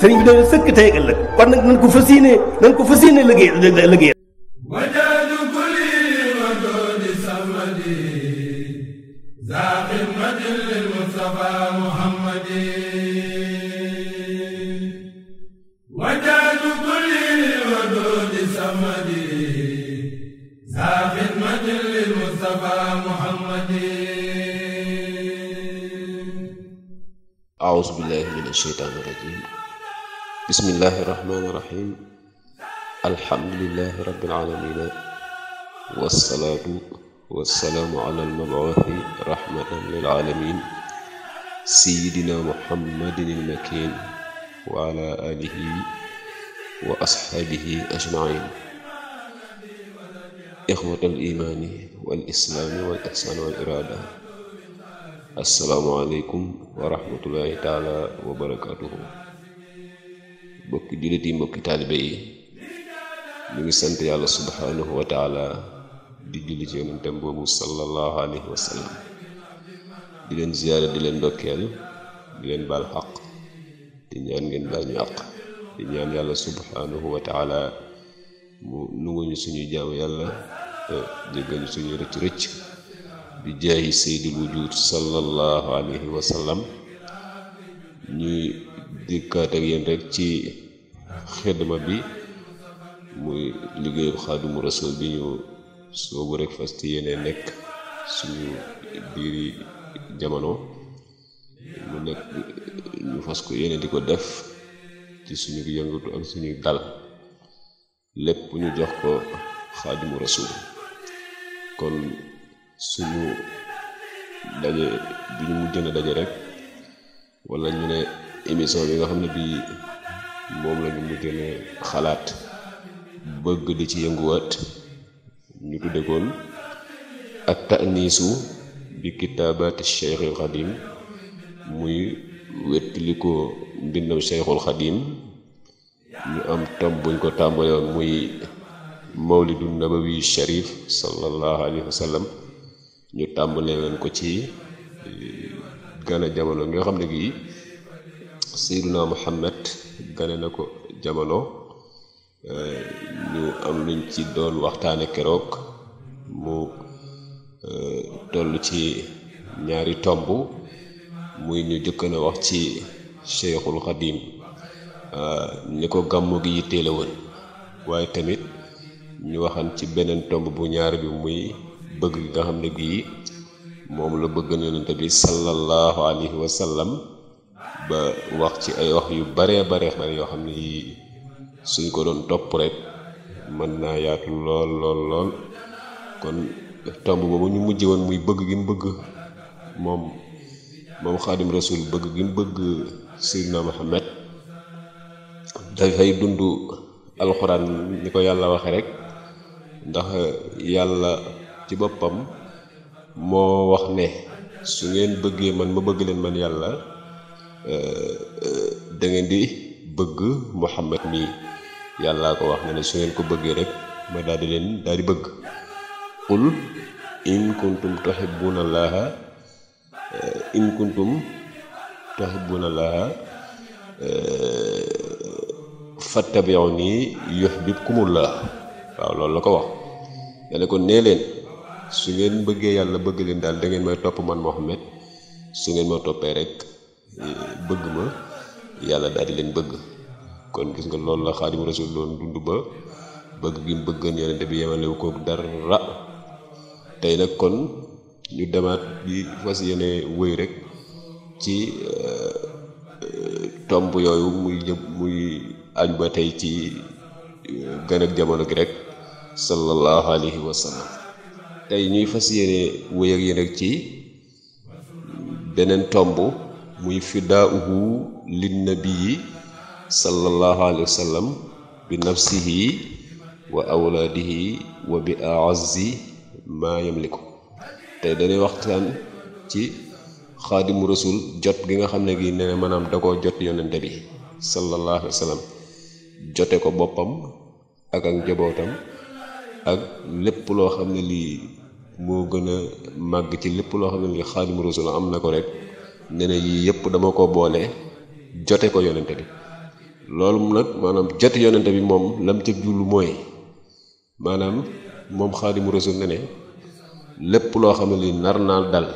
sëriñ bi dana sëkk tey ëllëg kon nag nañ ko fas yéene nañ ko fas yéene liggéey liggéey أعوذ بالله من الشيطان الرجيم bismillaahi rahmaani rahiim alhamdulillaahi rabbil aalamiin wassalaatu wassalaamu alal mab'uuthi rahmatan lil aalamiin sayyidinaa Muhammadinil makiin wa alaa aalihi wa ashaabihi ajmaiin ixwatal iimaani wal islaami wal ihsaani wal iraada assalaamu aleykum wa rahmatullaahi taalaa wa barakaatuh mbokki jullit yi mbokki taalibe yi ñu ngi sant yàlla subhaanahu wa di julli ci boobu sallallahu alayhi wa di leen ziyaara di leen ndokkeel di leen baal xaq di ñaan ngeen baal ñu àq di ñaan yàlla subhaanahu wa taala mu nunguñu suñu jaamu yàlla te jéggal ñu suñu rëcc rëcc bi jaayi sayyidul wujud sallallahu alayhi wa ñuy dikkaat ak yéen rek ci xidma bi muy liggéeyub mu rasul bi ñu soobu rek fas ci yéene nekk suñu biiri jamono mu nekk ñu fas ko yéene di ko def ci suñu yëngatu ak suñuy dal lépp ñu jox ko xaadimu rasul kon suñu daje bi ñu mujjën a daje rek wala ñu ne émission bi nga xam ne bii moom la ñu mujjee xalaat bëgg di ci yënguwaat ñu tudde koon ak ta'niisu bi kitaabaati Cheikhul Xadim muy wettili ko mbindam Cheikhul Xadim ñu am tam buñ ko tàmbale woon muy mawlidu nabawi sharif sallallahu alayhi wa sallam ñu tàmbale woon ko ci gane jamono nga xam ne gii Seyduna Muhammad gane na ko jamono ñu am luñ ci doon waxtaane keroog mu e, toll ci ñaari tomb muy ñu jëkk na wax ci Cheikhul Xadim e, ni ko gàmmu gi yitteele woon waaye tamit ñu waxan ci beneen tomb bu ñaar bi muy bëgg nga xam ne gii moom la bëgg bëggan yonente bi sallallahu alayhi wa sallam ba wax ci ay wax yu baree baree bare yoo xam ne yii suñ ko doon topp rek mën naa yaatu lool lool lool kon tomb boobu ñu mujj woon muy bëgg gi mu bëgg moom moom xaadim rasul bëgg gi mu bëgg sayyidina Muhammad dafay dund alxuraan ni ko yàlla waxe rek ndax yàlla ci boppam moo wax ne su ngeen bëggee man ma bëgg leen man yàlla euh, euh, da ngeen di bëgg Muhammad mii yàllaa ko wax ne ne su ngeen ko bëggee rek ma daal di leen daal di bëgg qul in kuntum tuhibbuna allaha euh, in kuntum tuhibbuna allaha fattabi'uni yuhibbukumullah waaw loolu la ko wax dane ko nee su ngeen bëggee yàlla bëgg leen daal da ngeen may topp man Mohamed su ngeen ma toppee rek eh, bëgg ma yàlla daal leen bëgg kon gis nga loolu la xaadimu rasul doon dund ba bëgg gi mu bëggoon yonente bi yemalewu koog dara tey nag kon ñu demaat bi fas yéene wëy rek ci eh, tomb yooyu muy jëm muy aju ba tey ci eh, gën jamono gi rek sallallahu alayhi wa tey ñuy fas yéene wéy ak yéen rek ci beneen tomb muy fidaauhu lin nabii sallallahu alayhi wa sallam bi nafsihi wa awlaadihi wa bi aazzi maa yamliku tey dañuy waxtaan ci xaadimu rasul jot gi nga xam ne gi nee maanaam da koo jot yonente bi sallallahu alayhi jote ko boppam ak ak njabootam ak lépp loo xam ne lii moo gën a màgg ci lépp loo xam ne li xaadimu rasul am na ko rek nee na yii yëpp dama ko boole jote ko yonente bi loolu nag maanaam jote yonente bi moom lam ca jublu mooy maanaam moom xaadimu rasul ne lépp loo xam ne li nar naa dal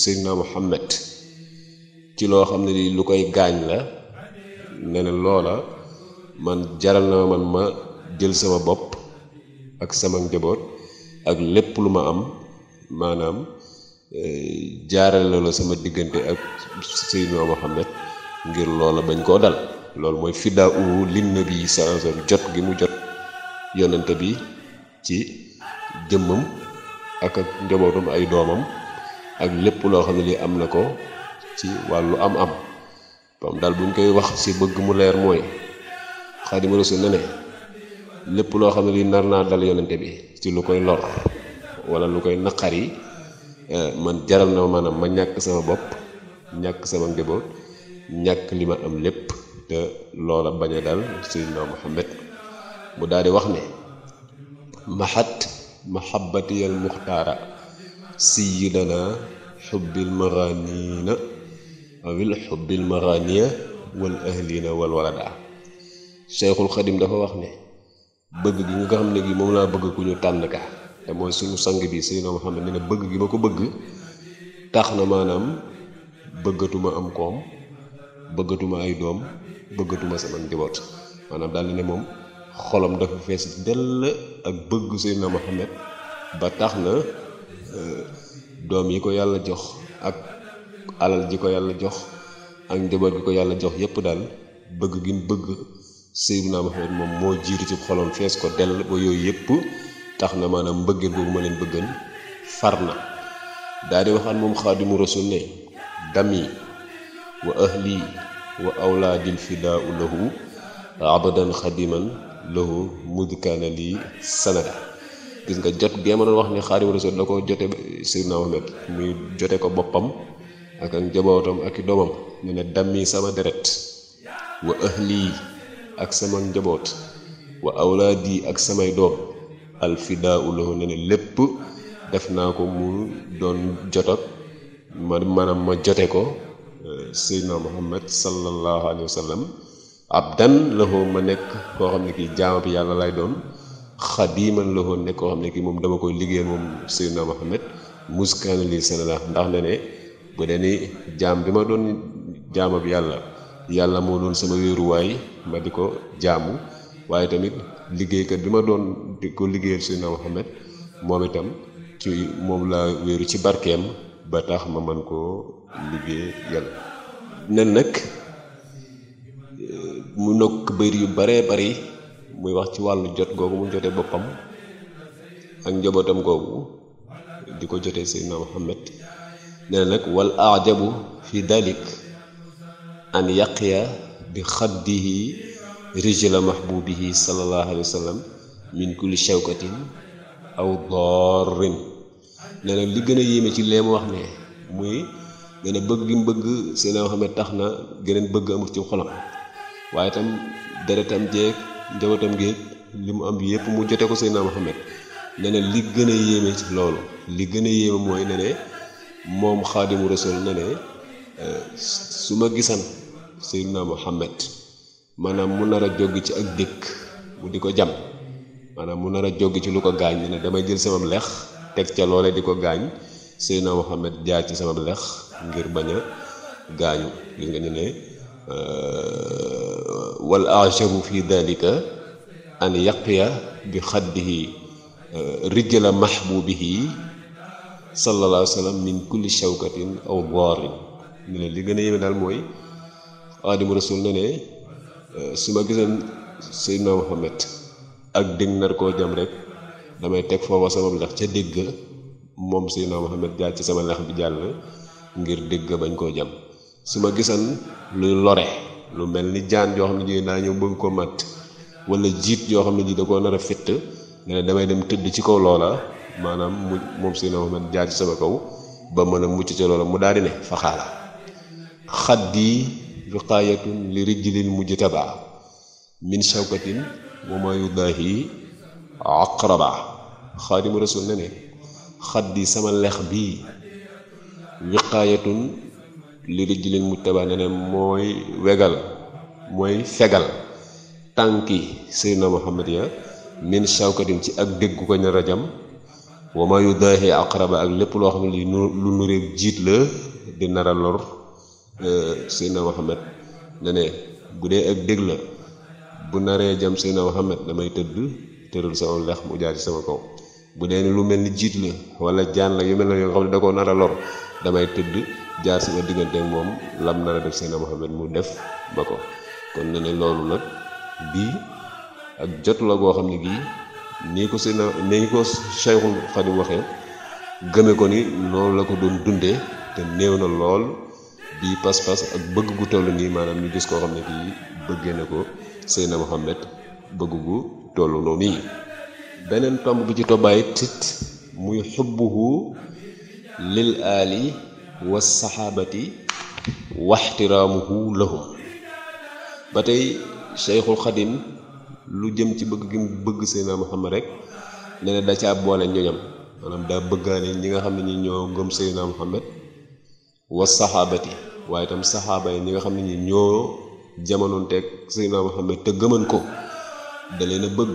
seydina Muhammad ci loo xam ne lii lu koy gaañ la ne ne loola man jaral na man ma jël sama bopp ak sama njaboot ak lépp lu ma am maanaam eh, jaarale la sama diggante ak Seydina Muhammad ngir loola bañ koo dal loolu mooy fidda u lin nabi sallallahu jot gi mu jot yonante bi ci jëmmam ak ak njabootam ay doomam ak lépp loo xam ne li am na ko ci wàllu am am pam daal buñ koy wax si bëgg mu leer mooy Xaadimu Rasuul na ne lépp loo xam ne li nar naa dal yonente bi ci lu koy lor wala lu koy naqari eh, man jaral na maanaam ma ñàkk sama bopp ñàkk sama njaboot ñàkk li ma am lépp te loola bañ a dal sayyidina Muhammad mu daal wax ne mahat mahabbatiyal muxtaara sayyidana xubbil maraniina awil xubbil maraniya wal ahlina wal walada Cheikhul Xadim dafa wax ne bëgg gi nga xam ne gi moom laa bëgg ku ñu tànn ka te mooy suñu sang bi Seydina Muhammad ne na bëgg gi ma ko bëgg tax na maanaam bëggatuma am koom bëggatuma ay doom bëggatuma sama njaboot maanaam daal di ne moom xolam dafa fees dell ak bëgg Seydina Muhammad ba tax na euh, doom yi ko yàlla jox ak alal ji ko yàlla jox ak njaboot gi ko yàlla jox yépp daal bëgg gi bëgg Seydina Muhammad moom moo jiitu ci xolam fees ko dell ba yooyu yëpp tax na maanaam mbëggeel boobu ma leen bëggan far na daa di moom xaadimu rasul ne dami wa ahli wa awlaadil fidaau lahu abadan xadiman lahu nga jot gee ma doon wax ne xaadimu rasul ko jote Seydina ko boppam ak ak ak i sama deret wa ahli ak sama njaboot wa awlaad yi ak samay doom alfidaa loxo ne ne lépp def naa ko mu doon jotak ma maanaam ma jote ko euh, seydna muhammad sallallahu alayhi wa sallam abdan lahu ma nekk koo xam ne kii jaama yàlla lay doon xadiman lahu nekk koo xam ne kii moom dama koy liggéey moom seydna muhammad muskaana lii seen la ndax ne ne bu dee ni jaam bi ma doon jaama bi yàlla yàlla moo doon sama wéeruwaay ma di ko jaamu waaye tamit liggéeykat bi ma doon di ko liggéeyal Seydina Muhammad moom itam ci moom laa wéeru ci barkeem ba tax ma mën koo liggéey yàlla nen nag eh, mu nokk bëri yu baree bari muy wax ci wàllu jot googu mu jotee boppam ak njabootam googu di ko jotee Seydina Muhammad nee nag wal ajabu fi dalik an yaqiya bi xaddihi rijla mahbubihi sallallahu alayhi wa sallam min kulli shawkatin aw darrin nee na li gën a yéeme ci lee mu wax ne muy nee na bëgg gi mu bëgg Seydina Muhammad tax na geneen bëgg amul ci xolam waaye tam deretam jeeg njabootam géeg li mu am yépp mu jote ko Seydina Muhammad nee na li gën a yéeme ci loolu li gën a yéeme mooy ne ne moom xaadimu rasul ne su ma gisan Seydina Muhammad maanaam mu nar a jóg ci ak dëkk mu di ko jam maanaam mu nar a jóg ci lu ko gaañ ne damay jël sama lex teg ca loole di ko gaañ Seydina Muhammad jaar ci sama lex ngir bañ a gaañu gis nga ñu ne wal ajabu fi dalika an yaqiya bi xaddihi rijala mahbubihi sallallahu alayhi wa sallam min kulli shawkatin aw daarin ne ne li gën a yéeme daal mooy Xaadimu Rasuul ne ne euh, su ma gisoon Seydina Muhammad ak dégg nar koo jam rek damay teg foofa sama lex ca dégg moom Seydina Muhammad jaar ci sama lex bi jàll ngir dégg bañ koo jam su ma gisoon luy lore mel ni jaan joo xam ne naa ñëw bëgg ko mat wala jiit yoo xam ne ji da koo nar a ne damay dem tëdd ci kaw loola maanaam mu moom Seydina Muhammad jaar ci sama kaw ba mën a mucc ca loola mu daal di ne faxaala xaddi wiqaayatun li rijlin mujtaba min shawkatin wa ma yudaahi aqraba xaadimu rasul ne ne xaddi sama lex bi wiqaayatun li rijlin mujtaba ne ne mooy wegal mooy fegal tànki seydina muhammad ya min shawkatin ci ak dégg ko nar a jam wa ma yudaahi aqraba ak lépp loo xam ne lu nuréeg jiit la di nar lor Euh, Seydina Mohamed ne bu dee ak dég la bu naree jam Seydina Mohamed damay tëdd tëral sama lex mu jaar ci sama kaw bu dee ne lu mel ni jiit la wala jaan la yu mel na yoo xam ne da damay tëdd jaar sama diggante ak a def Seydina Mohamed mu def ma ko kon ne ne loolu nag bii ak jot la goo xam ne gii nii ko Seydina nii ko Cheikhul Khadim waxee gëme ko ni noonu la ko doon dundee te néew na lool bii pas-pas ak bëgg gu toll nii maanaam ñu gis koo xam ne kii bëggee na ko Seydina Muhammad bëgg gu toll noonu nii beneen tomb bi ci tobbaay tit muy xubbuhu lil aali wa saxaabati waxtiraamuhu lahum ba tey Cheikhul lu jëm ci bëgg gi bëgg Seydina Muhammad rek ne na da caa boole ñoñam maanaam daa bëggaane ñi nga xam ne ñi ñoo gëm Seydina Muhammad wa saxaabati waaye tam saxaaba yi ñi nga xam ne ñi ñoo jamonoonteeg Seydina Muhammad te gëman ko da leen a bëgg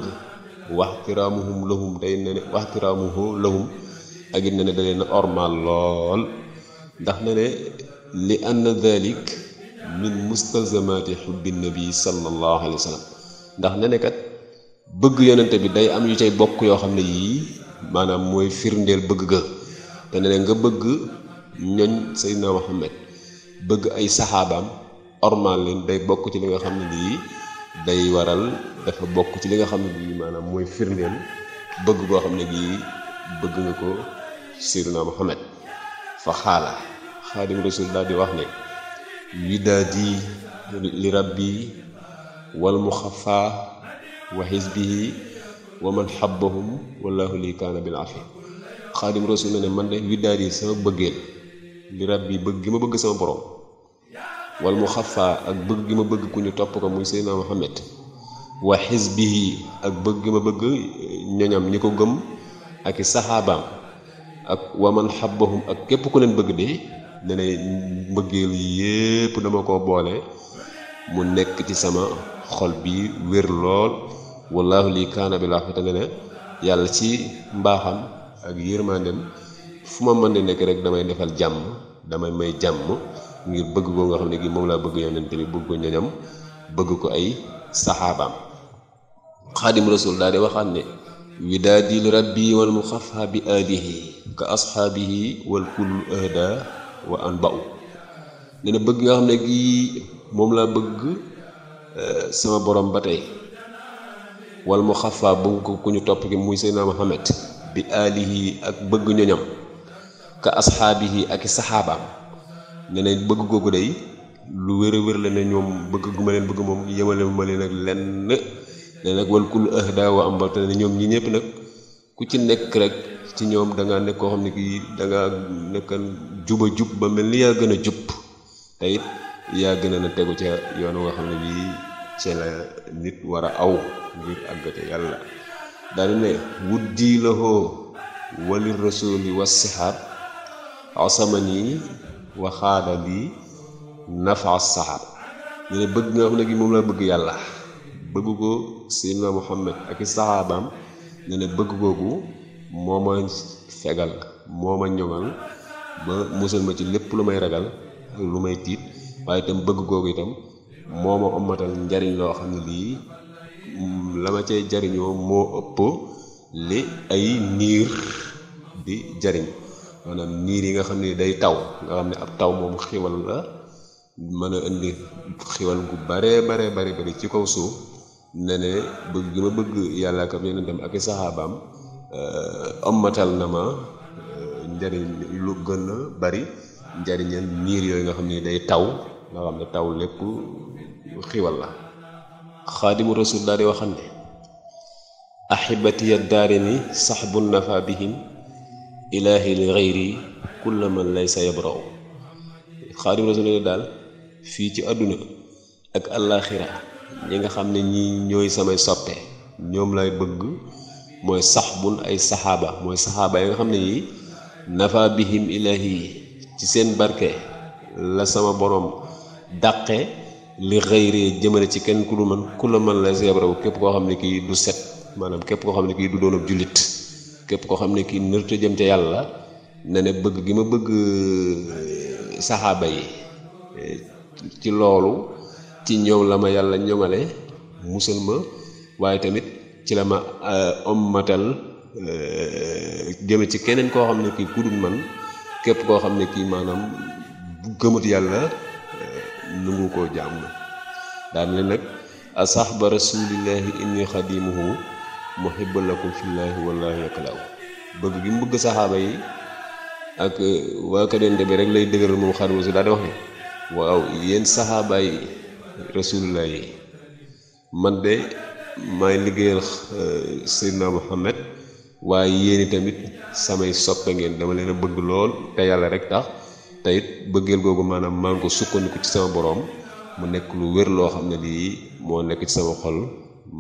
waxtiraamuhum lahum day ne ne waxtiraamuhu lahum ak it ne ne da leen a ormal lool ndax ne ne li anna dalik min mustalzamaati xubbi nabi sallallahu alayhi wa ndax ne bëgg yonente bi day am yu cay bokk yoo xam ne yii maanaam mooy firndeel bëgg ga te ne nga bëgg ñoñ Seydina Muhammad bëgg ay saxaabaam ormal leen day bokk ci li nga xam ne lii day waral dafa bokk ci li nga xam ne lii maanaam mooy firndeel bëgg koo xam ne gii bëgg nga ko Seydina Muhammad fa xaala xaadim rasul daal di wax ne widaadi li rabbi wal muxafa wa xisbihi wa man xabbahum wallahu li kaana bil afi xaadim rasul na ne man de widaadi sama bëggeel li rab bi bëgg gi ma bëgg sama borom wal mu xafaa ak bëgg gi ma bëgg ku ñu topp ko muy Seydina Muhammad wa xisbihi ak bëgg gi ma bëgg ñoñam ñi ko gëm ak i saxaabaam ak waman xabbahum ak képp ku leen bëgg de ne ne mbëggeel yépp dama ko boole mu nekk ci sama xol bi wér lool wallaahu lii kaana bi laa fete ne yàlla ci mbaaxam ak yërmaandem fu ma mën di nekk rek damay defal jàmm damay may jàmm ngir bëgg ko nga xam ne gii moom laa bëgg yonent bi bëgg ko ñoñam bëgg ko ay saxaabaam xaadim rasul daal di waxaat ne widaadil rabbi bi aalihi ka asxaabihi wal kullu ahda wa an bëgg nga xam ne gi moom laa bëgg eh, sama borom ba tey wal mu xafa bëgg ko ku ñu topp ki muy Seydina Muhammad bi aalihi ak bëgg ñoñam ka asxaabihi ak i saxaabaam ne ne bëgg googu dey lu wér a la ne ñoom bëgg gu ma leen bëgg moom yemale ma leen ak lenn ne nag wal kul ahda wa amba te ne ñoom ñi ñëpp nag ku ci nekk rek ci ñoom da nga nekk koo xam ne kii da nga nekkan juba jub ba mel ni yaa gën a jub te it yaa gën a na tegu ca yoon nga xam ne bii ci nit war a aw ngir àggate yàlla daal ne wuddi la hoo wali rasuli was sixaab asamani wa xaada li nafa saxaar ñu ne bëgg nga xam ne gi moom laa bëgg yàlla bëgg ko seydina muhammad ak i saxaabaam ne ne bëgg googu moo ma fegal moo ma ñoŋal ba musal ma ci lépp lu may ragal lu may tiit waaye tam bëgg googu itam moo ma ommatal njariñ loo xam ne lii la ma cay jariñoo moo ëpp li ay niir di jariñ maanaam niir yi nga xam ne day taw nga xam ne ab taw moom xiwal la mën a indi xiwal gu bare bare bare bari ci kaw suuf ne ne bëgg gi ma bëgg yàlla ak yonentam ak i saxaabaam ommatal euh, na ma euh, njariñ lu gën a bari njariñal niir yooyu nga xam ni day taw nga xam ne taw lépp xiwal la xaadimu rasul daal di waxam ne ahibatiya daarini saxbun nafa bihim ilaahi li xayri kulla man laysa yabraw xaadim rasulillah daal fii ci àdduna ak àllaaxira ñi nga xam ne ñi ñooy samay soppe ñoom lay bëgg mooy sax bun ay saxaaba mooy saxaaba yi nga xam ne yi nafa bihim ilaahi ci seen barke la sama boroom dàqe li xëyree jëmale ci kenn ku du man ku la man lay sa yabraw képp koo xam ne kii du set maanaam képp koo xam ne kii du doonab jullit képp koo xam ne kii nërta jëm ca yàlla na bëgg gi ma bëgg eh, saxaaba yi eh, ci loolu ci ñoom la ma yàlla ñoŋale musal ma waaye tamit ci la ma eh, ommatal jëme ci keneen koo xam ne kii ku man képp koo xam ne kii maanaam bu gëmut yàlla nangu koo jàmm daan ne nag asaxba rasulillahi inni xadimuhu muhibban lakum fillaahi wallaahi yaklaaw bëgg gi mu bëgg saxaaba yi ak eh, waa kër bi rek lay dëgëral moom xaar rasul daal di wax waaw yéen saxaabaay yi man de maay liggéeyal eh, Seydina Muhammad waaye yéen tamit samay soppe ngeen dama leen a bëgg lool te yàlla rek tax te it bëggeel googu maanaam maa ngi ko sukkandiku ci sama boroom mu nekk lu wér loo xam ne lii moo nekk ci sama xol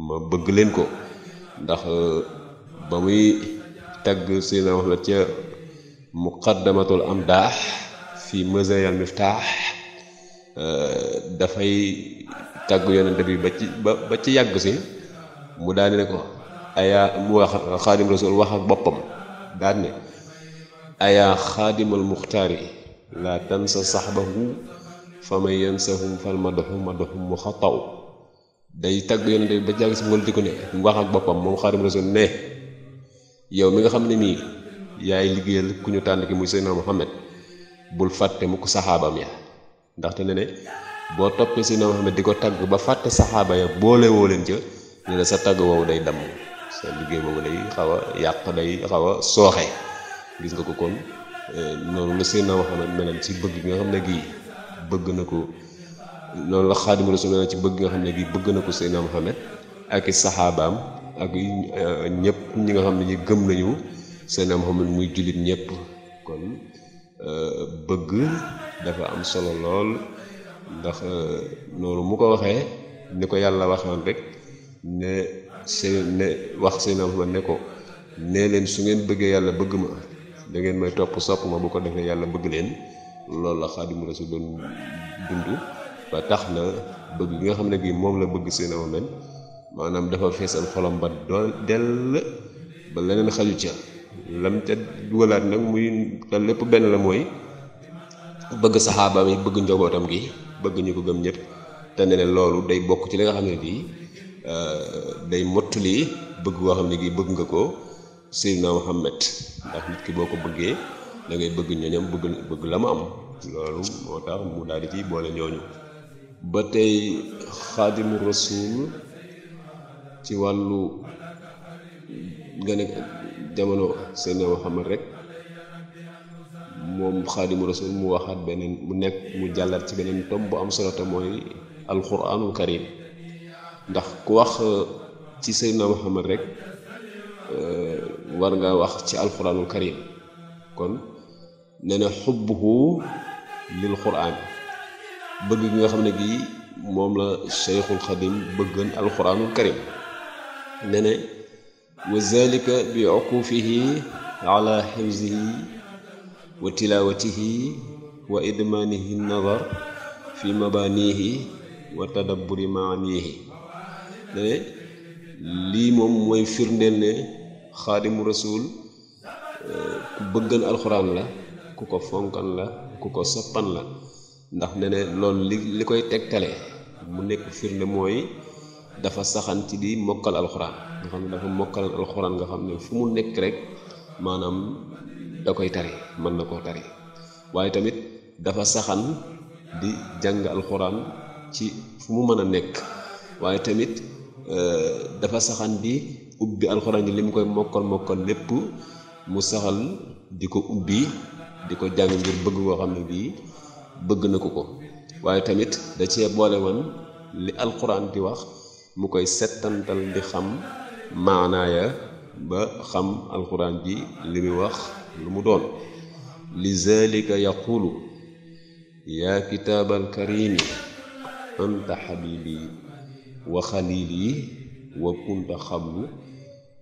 ma bëgg leen ko ndax ba muy tagg Seydina Muhammad ca muqaddamatul am daax fi mazayal miftaax euh, dafay tagg yonent bi ba ci ba ci yàgg si mu daal ne ko ayaa mu wax xaadim rasul wax ak boppam daal ne ayaa xaadimal muxtaari laa tansa saxbahu fa man yansahum fal madoxu madoxu mu xataw day tagg yonente bi ba jàng si di ko ne wax ak boppam moom xaarim rasul ne yow mi nga xam ne nii yaay liggéeyal ku ñu tànn ki muy Seydina Muhammad bul fàtte mu ko saxaabam ya ndaxte ne ne boo toppee Seydina Muhammad di ko tagg ba fàtte saxaaba ya boole woo leen ca ne la sa tagg woowu day damm sa liggéey boobu day xaw yàq day xaw sooxe gis nga ko kon eh, noonu la Seydina Muhammad meloon ci bëgg bi nga xam ne gii bëgg na ko loolu la xaadimu rasul ci bëgg nga xam ne gi bëgg na ko Seydina Muhammad ak i saxaabaam ak euh, ñëpp ñi nga xam ne ñi gëm nañu Seydina Muhammad muy jullit ñépp kon euh, bëgg dafa am solo lool ndax euh, noonu mu ko waxee ni ko yàlla waxaan rek ne sey ne wax Seydina Muhammad ne ko nee leen su ngeen bëggee yàlla bëgg ma da ngeen may topp sopp ma bu ko defee yàlla bëgg leen loolu la xaadimu rasul doon dund ba tax na bëgg bi nga xam ne gi moom la bëgg seen aw mel maanaam dafa feesal xolam ba doon dell ba leneen xaju ca lam ca dugalaat nag muy te lépp benn la mooy bëgg saxaabaam yi bëgg njobootam gi bëgg ñu ko gëm ñëpp te ne loolu day bokk ci li nga xam ne bii euh, day mottali bëgg goo xam ne gi bëgg nga ko Seydina Muhammad ndax nit ki boo ko bëggee da ngay bëgg ñoñam bëgg bëgg la mu am loolu moo tax mu daal di ci boole ñooñu ba tey xaadimu rasul ci wàllu gane jamono Seydina Muhammad rek moom xaadimu rasul mu waxaat beneen mu nekk mu jàllaat ci beneen tom bu am solo te mooy alquranul karim ndax ku wax ci Seydina Muhammad rek euh, war nga wax ci alquranul karim kon nee na xubbuhu lil quran bëgg gi nga xam ne gii moom la cheikhul xadim bëggan alquranul karim ne ne wa zalika bi uqufihi wa tilawatihi wa idmaanihi nadar fi mabaanihi wa tadabburi maanihi ne ne lii moom mooy firndeel ne xaadimu rasul ku bëggan alxuraan la ku ko fonkan la ku ko soppan la ndax ne ne loolu li li koy tegtale mu nekk firnde mooy dafa saxan ci di mokkal alxuraan nga xam ne dafa mokkal alxuraan nga xam ne fu mu nekk rek maanaam da koy tari mën na koo tari waaye tamit dafa saxan di jàng alxuraan ci fu mu mën a nekk waaye tamit euh, dafa saxan di ubbi alxuraan ji li mu koy mokkal mokkal lépp mu saxal di ko ubbi di ko jàng ngir bëgg koo xam ne bii bëgg na ko ko waaye tamit da cee boole woon li alquran di wax mu koy settantal di xam maanaaya ba xam alquran ji li muy wax lu mu doon li zalika yaqulu yaa kitaabal karimi anta xabibi wa xalili wa kunta xablu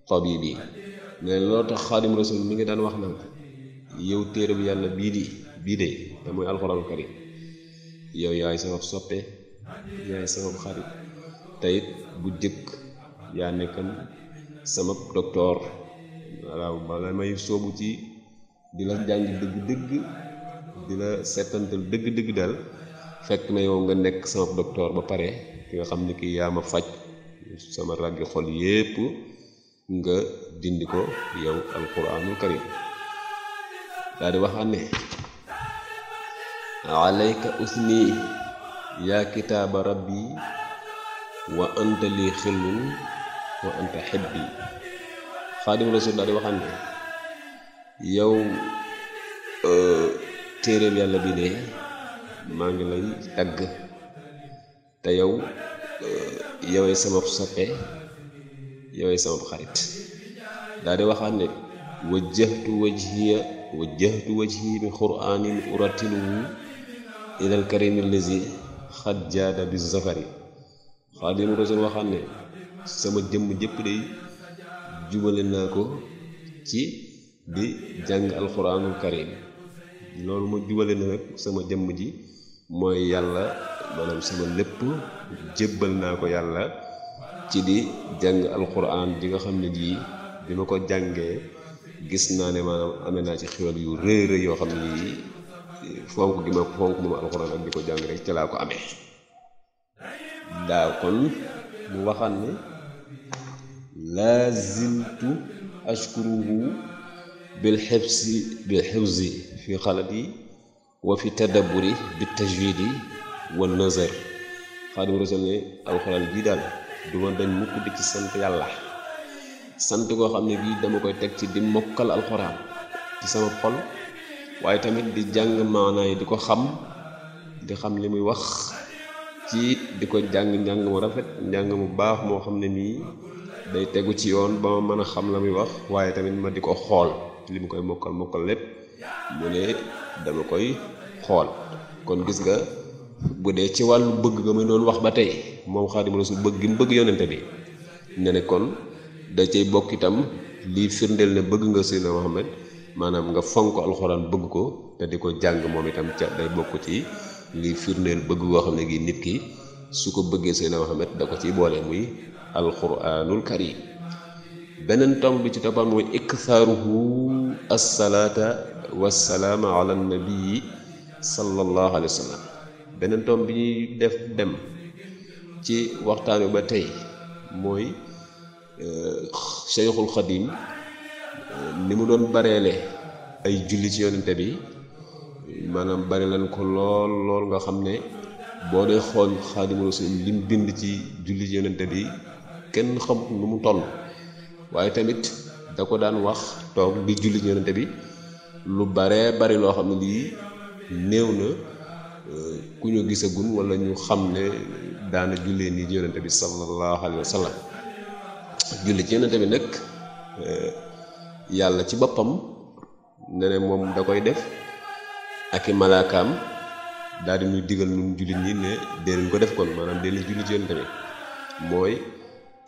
tabibi ne loolu tax xaadim rasul mi ngi daan wax naan yow téereb yàlla bii di bii de te alxuraanu karim yow yaay sama soppe yaay sama xarit teyit bu jëkk yaa nekkan sama docteur waaw bala may soobu ci di la jàng dëgg dëgg di la seetantal dëgg dëgg daal fekk na yow nga nekk sama docteur ba pare ki nga xam ne ki yaa ma faj sama ràggi xol yépp nga dindi ko yow alquranul karim daal di waxaat ne alayka usni li xillun wa anta xibbi xaadimu rasul daal di waxam ne yow euh, téeréem yàlla bi de maa ngi euh, wajjahtu wajhiya wajjahtu wajhi bi ilal karimi lazi xat jaada bi zafari xaadimu rasul waxaan ne sama jëmm jëpp day jubale naa ko ci di jàng alxuraanul karim loolu ma jubale na nag sama jëmm ji mooy yàlla maanaam sama lépp jébbal naa ko yàlla ci di jàng alxuraan ji nga xam ne jii bi ma ko jàngee gis naa ne maanaam amee naa ci xéwal yu rëy rëy yoo xam ne yii fonk gi ma fonk moom alxuraan ak di ko jàng rek ca laa ko amee daa kon mu waxaan ne laziltu ashkuruhu bil xibsi bil xibsi fi xalati wa fi tadabburi bi tajwidi wa nazar xaadim rasul ne alxuraan bii daal duma dañ mukk di ci sant yàlla sant koo xam ne bii dama koy teg ci di mokkal alxuraan ci sama xol waaye tamit di jàng maanaa yi di ko xam di xam li muy wax ci di ko jàng njàng mu rafet njàng mu baax moo xam ne nii day tegu ci yoon ba ma mën a xam la muy wax waaye tamit ma di ko xool li mu koy mokkal mokkal lépp mu ne dama koy xool kon gis nga bu dee ci wàllu bëgg nga ma doon wax ba tey moom Xaadimu Rasuul bëgg gi mu bëgg yonente bi ne ne kon da cay bokk itam lii firndeel ne bëgg nga Seydina Muhammad maanaam nga fonk alxuraan bëgg ko te di ko jàng moom itam ca day bokk ci li firndeel bëgg boo xam ne gi nit ki su ko bëggee Seydina Muhammad da ko ciy boolee muy alxuraanul karim beneen tomb bi ci toppam mooy iktharuhu assalaata wassalaama ala nabii sallallahu alayhi wa sallam beneen tomb bi ñuy def dem ci waxtaan wi ba tey mooy Seyxul euh, Xadim ni mu doon bareele ay julli ci yonente bi maanaam bari lañ ko lool lool nga xam ne boo dee xool xaadimu rasul lim bind ci julli ci yonente bi kenn xamut lu mu toll waaye tamit da ko daan wax toog di julli ci yonente bi lu baree bari loo xam ne lii néew na euh, ku ñu gisagun walla ñu xam ne daana jullee nii ci yonente bi sallallahu alayhi wa sallam julli ci yonente bi nag euh, yàlla ci boppam ne moom da koy def ak malaakaam daal di ñuy digal ñun jullit ñi ne dee leen ko def kon maanaam dee leen jullit ci yonent bi mooy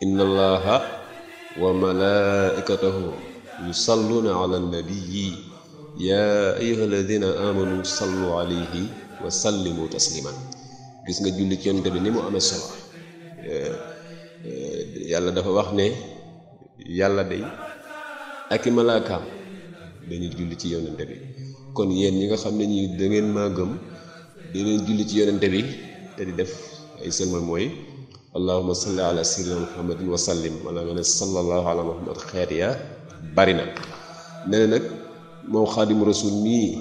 inna allaha wa malaikatahu yusalluuna ala nabiyyi yaa ayyuha alladina amanu sallu alayhi wa sallimu tasliman gis nga julli ci yonent bi ni mu amee solo eh, eh, yàlla dafa wax ne yàlla day ak i malaakaam dañuy julli ci yonente bi kon yéen ñi nga xam ne ñi dangeen ngeen maa gëm dinañ julli ci yonente bi te di def ay sëlmal mooy allahuma salli ala sayyidina muhammadin wa sallim wala nga muhammad xeet ya bari na ne nag moom xaadimu rasul mii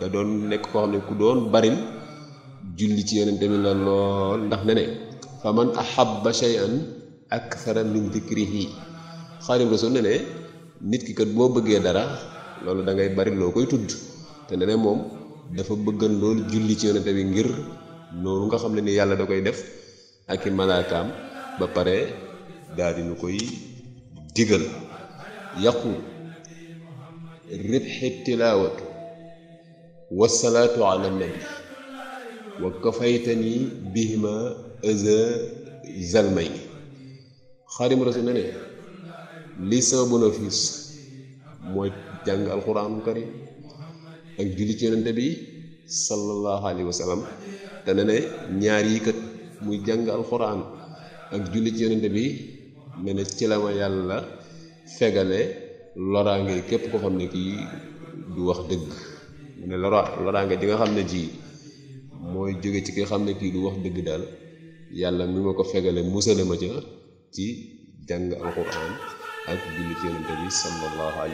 da doon nekk koo xam ne ku doon baril julli ci yonente bi la lool ndax ne ne fa man ahabba shay'an akthara min dhikrihi xaadim rasul ne nit ki kat boo bëggee dara loolu dangay ngay bari loo koy tudd te ne moom dafa bëggan loolu julli ci yonente bi ngir noonu nga xam ne ni yàlla da koy def ak i malaakaam ba pare daal di nu koy digal yaqul ribxi tilaawatu wasalaatu ala nabi wa kafaytani bihima ëza zalmay xaadim rasul na ne lii sama bénéfice mooy jàng alxuraanul karim ak julli ci yonente bi sallallahu alayhi wa sallam te ne ne ñaar yi kat muy jàng alxuraan ak julli ci yonente bi ne ne ci la ma yàlla fegale loraange képp ko du wax dëgg mu ne lora ji nga xam ne ji mooy jóge ci ki xam ne kii du wax dëgg daal yàlla mi ma ko fegale musale ma ca ci jàng alxuraan ak julli ci yonente bi sallallahu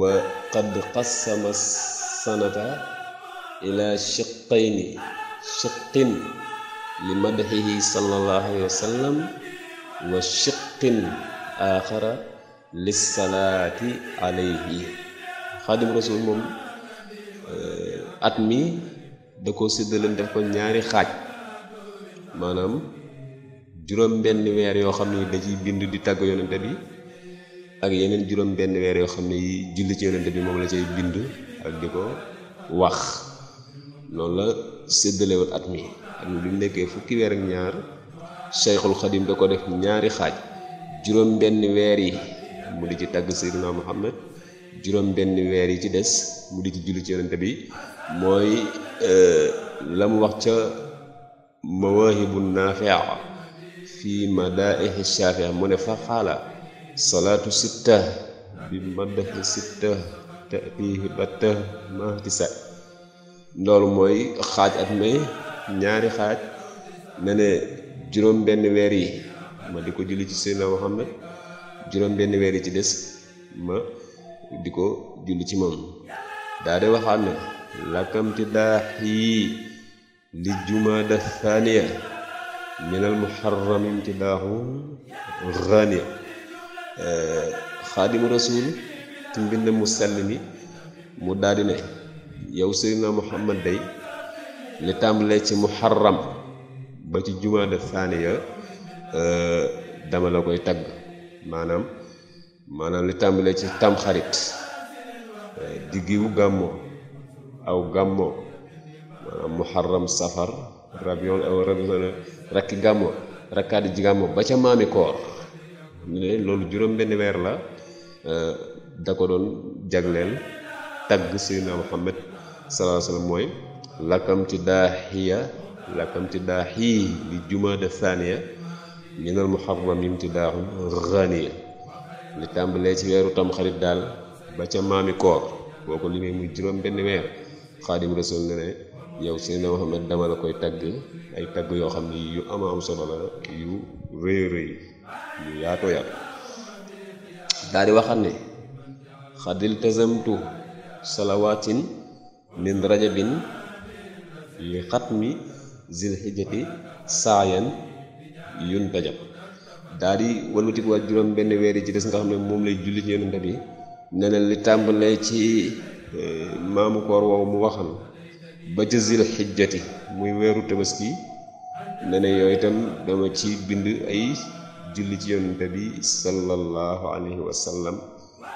wa qad qassama sanata ila shiqqayni li madaxihi sallallahu wa sallam wa shiqqin aaxara alayhi xaadim rasul moom eh, at mi da ko séddale def ko ñaari xaaj maanaam juróom benn weer yoo xam ne da ciy bind di tàgg yonente bi ak yeneen juróom benn weer yoo xam ne yi julli ci yonente bi moom la cay bind ak di ko wax noonu la séddalewul at mi at fukki weer ak da ko def ñaari xaaj juróom weer yi mu di ci tàgg Seydina Muhammad juróom benn weer yi ci des mu di bi mooy euh, la mu wax ca mawaahibu naafia fi madaihi shafia mu ne fa xaala salaatu sitta bi maddahi sitta taatihi batta mahtisa loolu mooy xaaj at may ñaari xaaj ne ne juróom benn weer yi ma di ko julli ci Seydina Muhammad juróom benn weer yi ci des ma di ko julli ci moom daa de waxaat na lakkamti daax yi li jumaada thaniya min al muharrami imtidaahu rania xaadimu rasul ci mbind mu sell mi mu daldi ne yow seydina muhammad day li tàmbalee ci muharram ba ci jumaada saaniya dama la koy tagg maanaam maanaam li tàmbalee ci tamxarit diggiwu gàmmoo aw gàmmoo maanaam muharram safar rabion aw euh, rabion euh, rakki gàmmo rakkaati gàmmo ba ca maami koor loolu juróom benn weer la euh, da ko doon jagleel tagg Seydina Muhammad salaa mooy lakkam ci daaxiya lakkam ci daaxii li jumaada thaniya minal muharram yim ci daaxum ghaniya li tàmbalee ci weeru tamxarit daal ba ca maami koor boo ko limee muy juróom benn weer xaadim rasul ne ne yow Seydina Muhammad dama la koy tagg ay tagg yoo xam ni yu ama am solo la yu rëy rëy yu yaatoo yaatu daal di waxaat ne xadil tazamtu salawaatin min rajabin li xatmi zilxijati saayan yun tajab daal di waa juróom benn weer yi ci des nga xam ne moom lay julli ci yonente bi nee na li tàmbalee ci eh, maamu koor mu waxal ba ca xijjati muy weeru tabaski ne ne yooyu itam dama ci bind ay julli ci yonent bi sallallahu alayhi wa sallam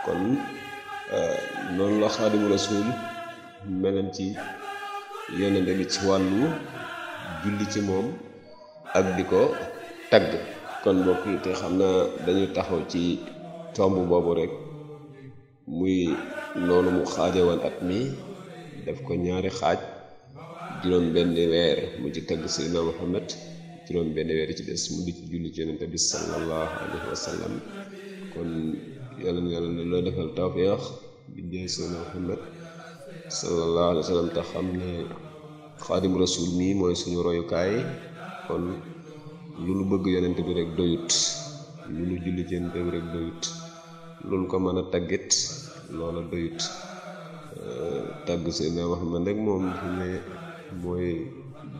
kon eh, noonu la xaadimu rasul meloon ci yonent bi ci wàllu julli ci moom ak di ko tagg kon mbokk te xam naa dañu taxaw ci tomb boobu rek muy noonu mu xaaje woon at mi def ko ñaari xaaj juróom benn weer mu ci tagg seydina muhammad juróom benn weer ci des mu di ci julli ci yonente bi sallallahu alayhi wa kon yàlla na yàlla loo defal tawfeex bindee seydina muhammad sallallahu alayhi wa sallam te xam ne xaadim rasul mii mooy suñu royukaay kon lu nu bëgg yonente bi rek doyut lu nu julli ci yonente bi rek doyut loolu ko mën a taggit loola doyut tàgg Seydina Muhammad rek moom fi ne mooy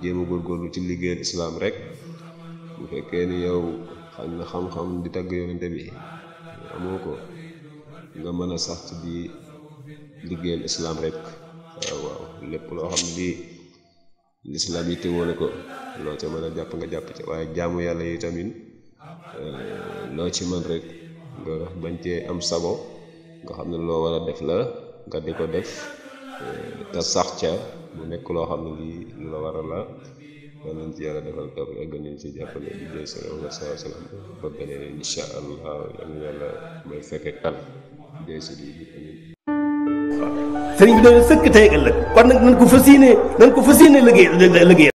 jéem góor góorgóorlu ci liggéeyal islaam rek bu fekkee ni yow xañ na xam-xam di tagg yonente bi amoo ko nga mën a sax ci di liggéeyal islaam rek waaw waaw lépp loo xam ni lislaam yi téwoo na ko loo ca mën a jàpp nga jàpp ca waaye jaamu yàlla yi tamit eh, loo ci mën rek nga bañ cee am sago nga xam ne loo war a def la nga di ko def te sax ca bu nekk loo xam ne lii lu la war a la yal nañ ci yàlla defal topp ak gën nañ ci jàppale di jël sallallahu alayhi wa sallam ba beneen incha allah yal si lii sëriñ bi dañu sëkk tey ëllëg kon nag nañ ko fas yéene nañ ko fas yéene liggéey liggéey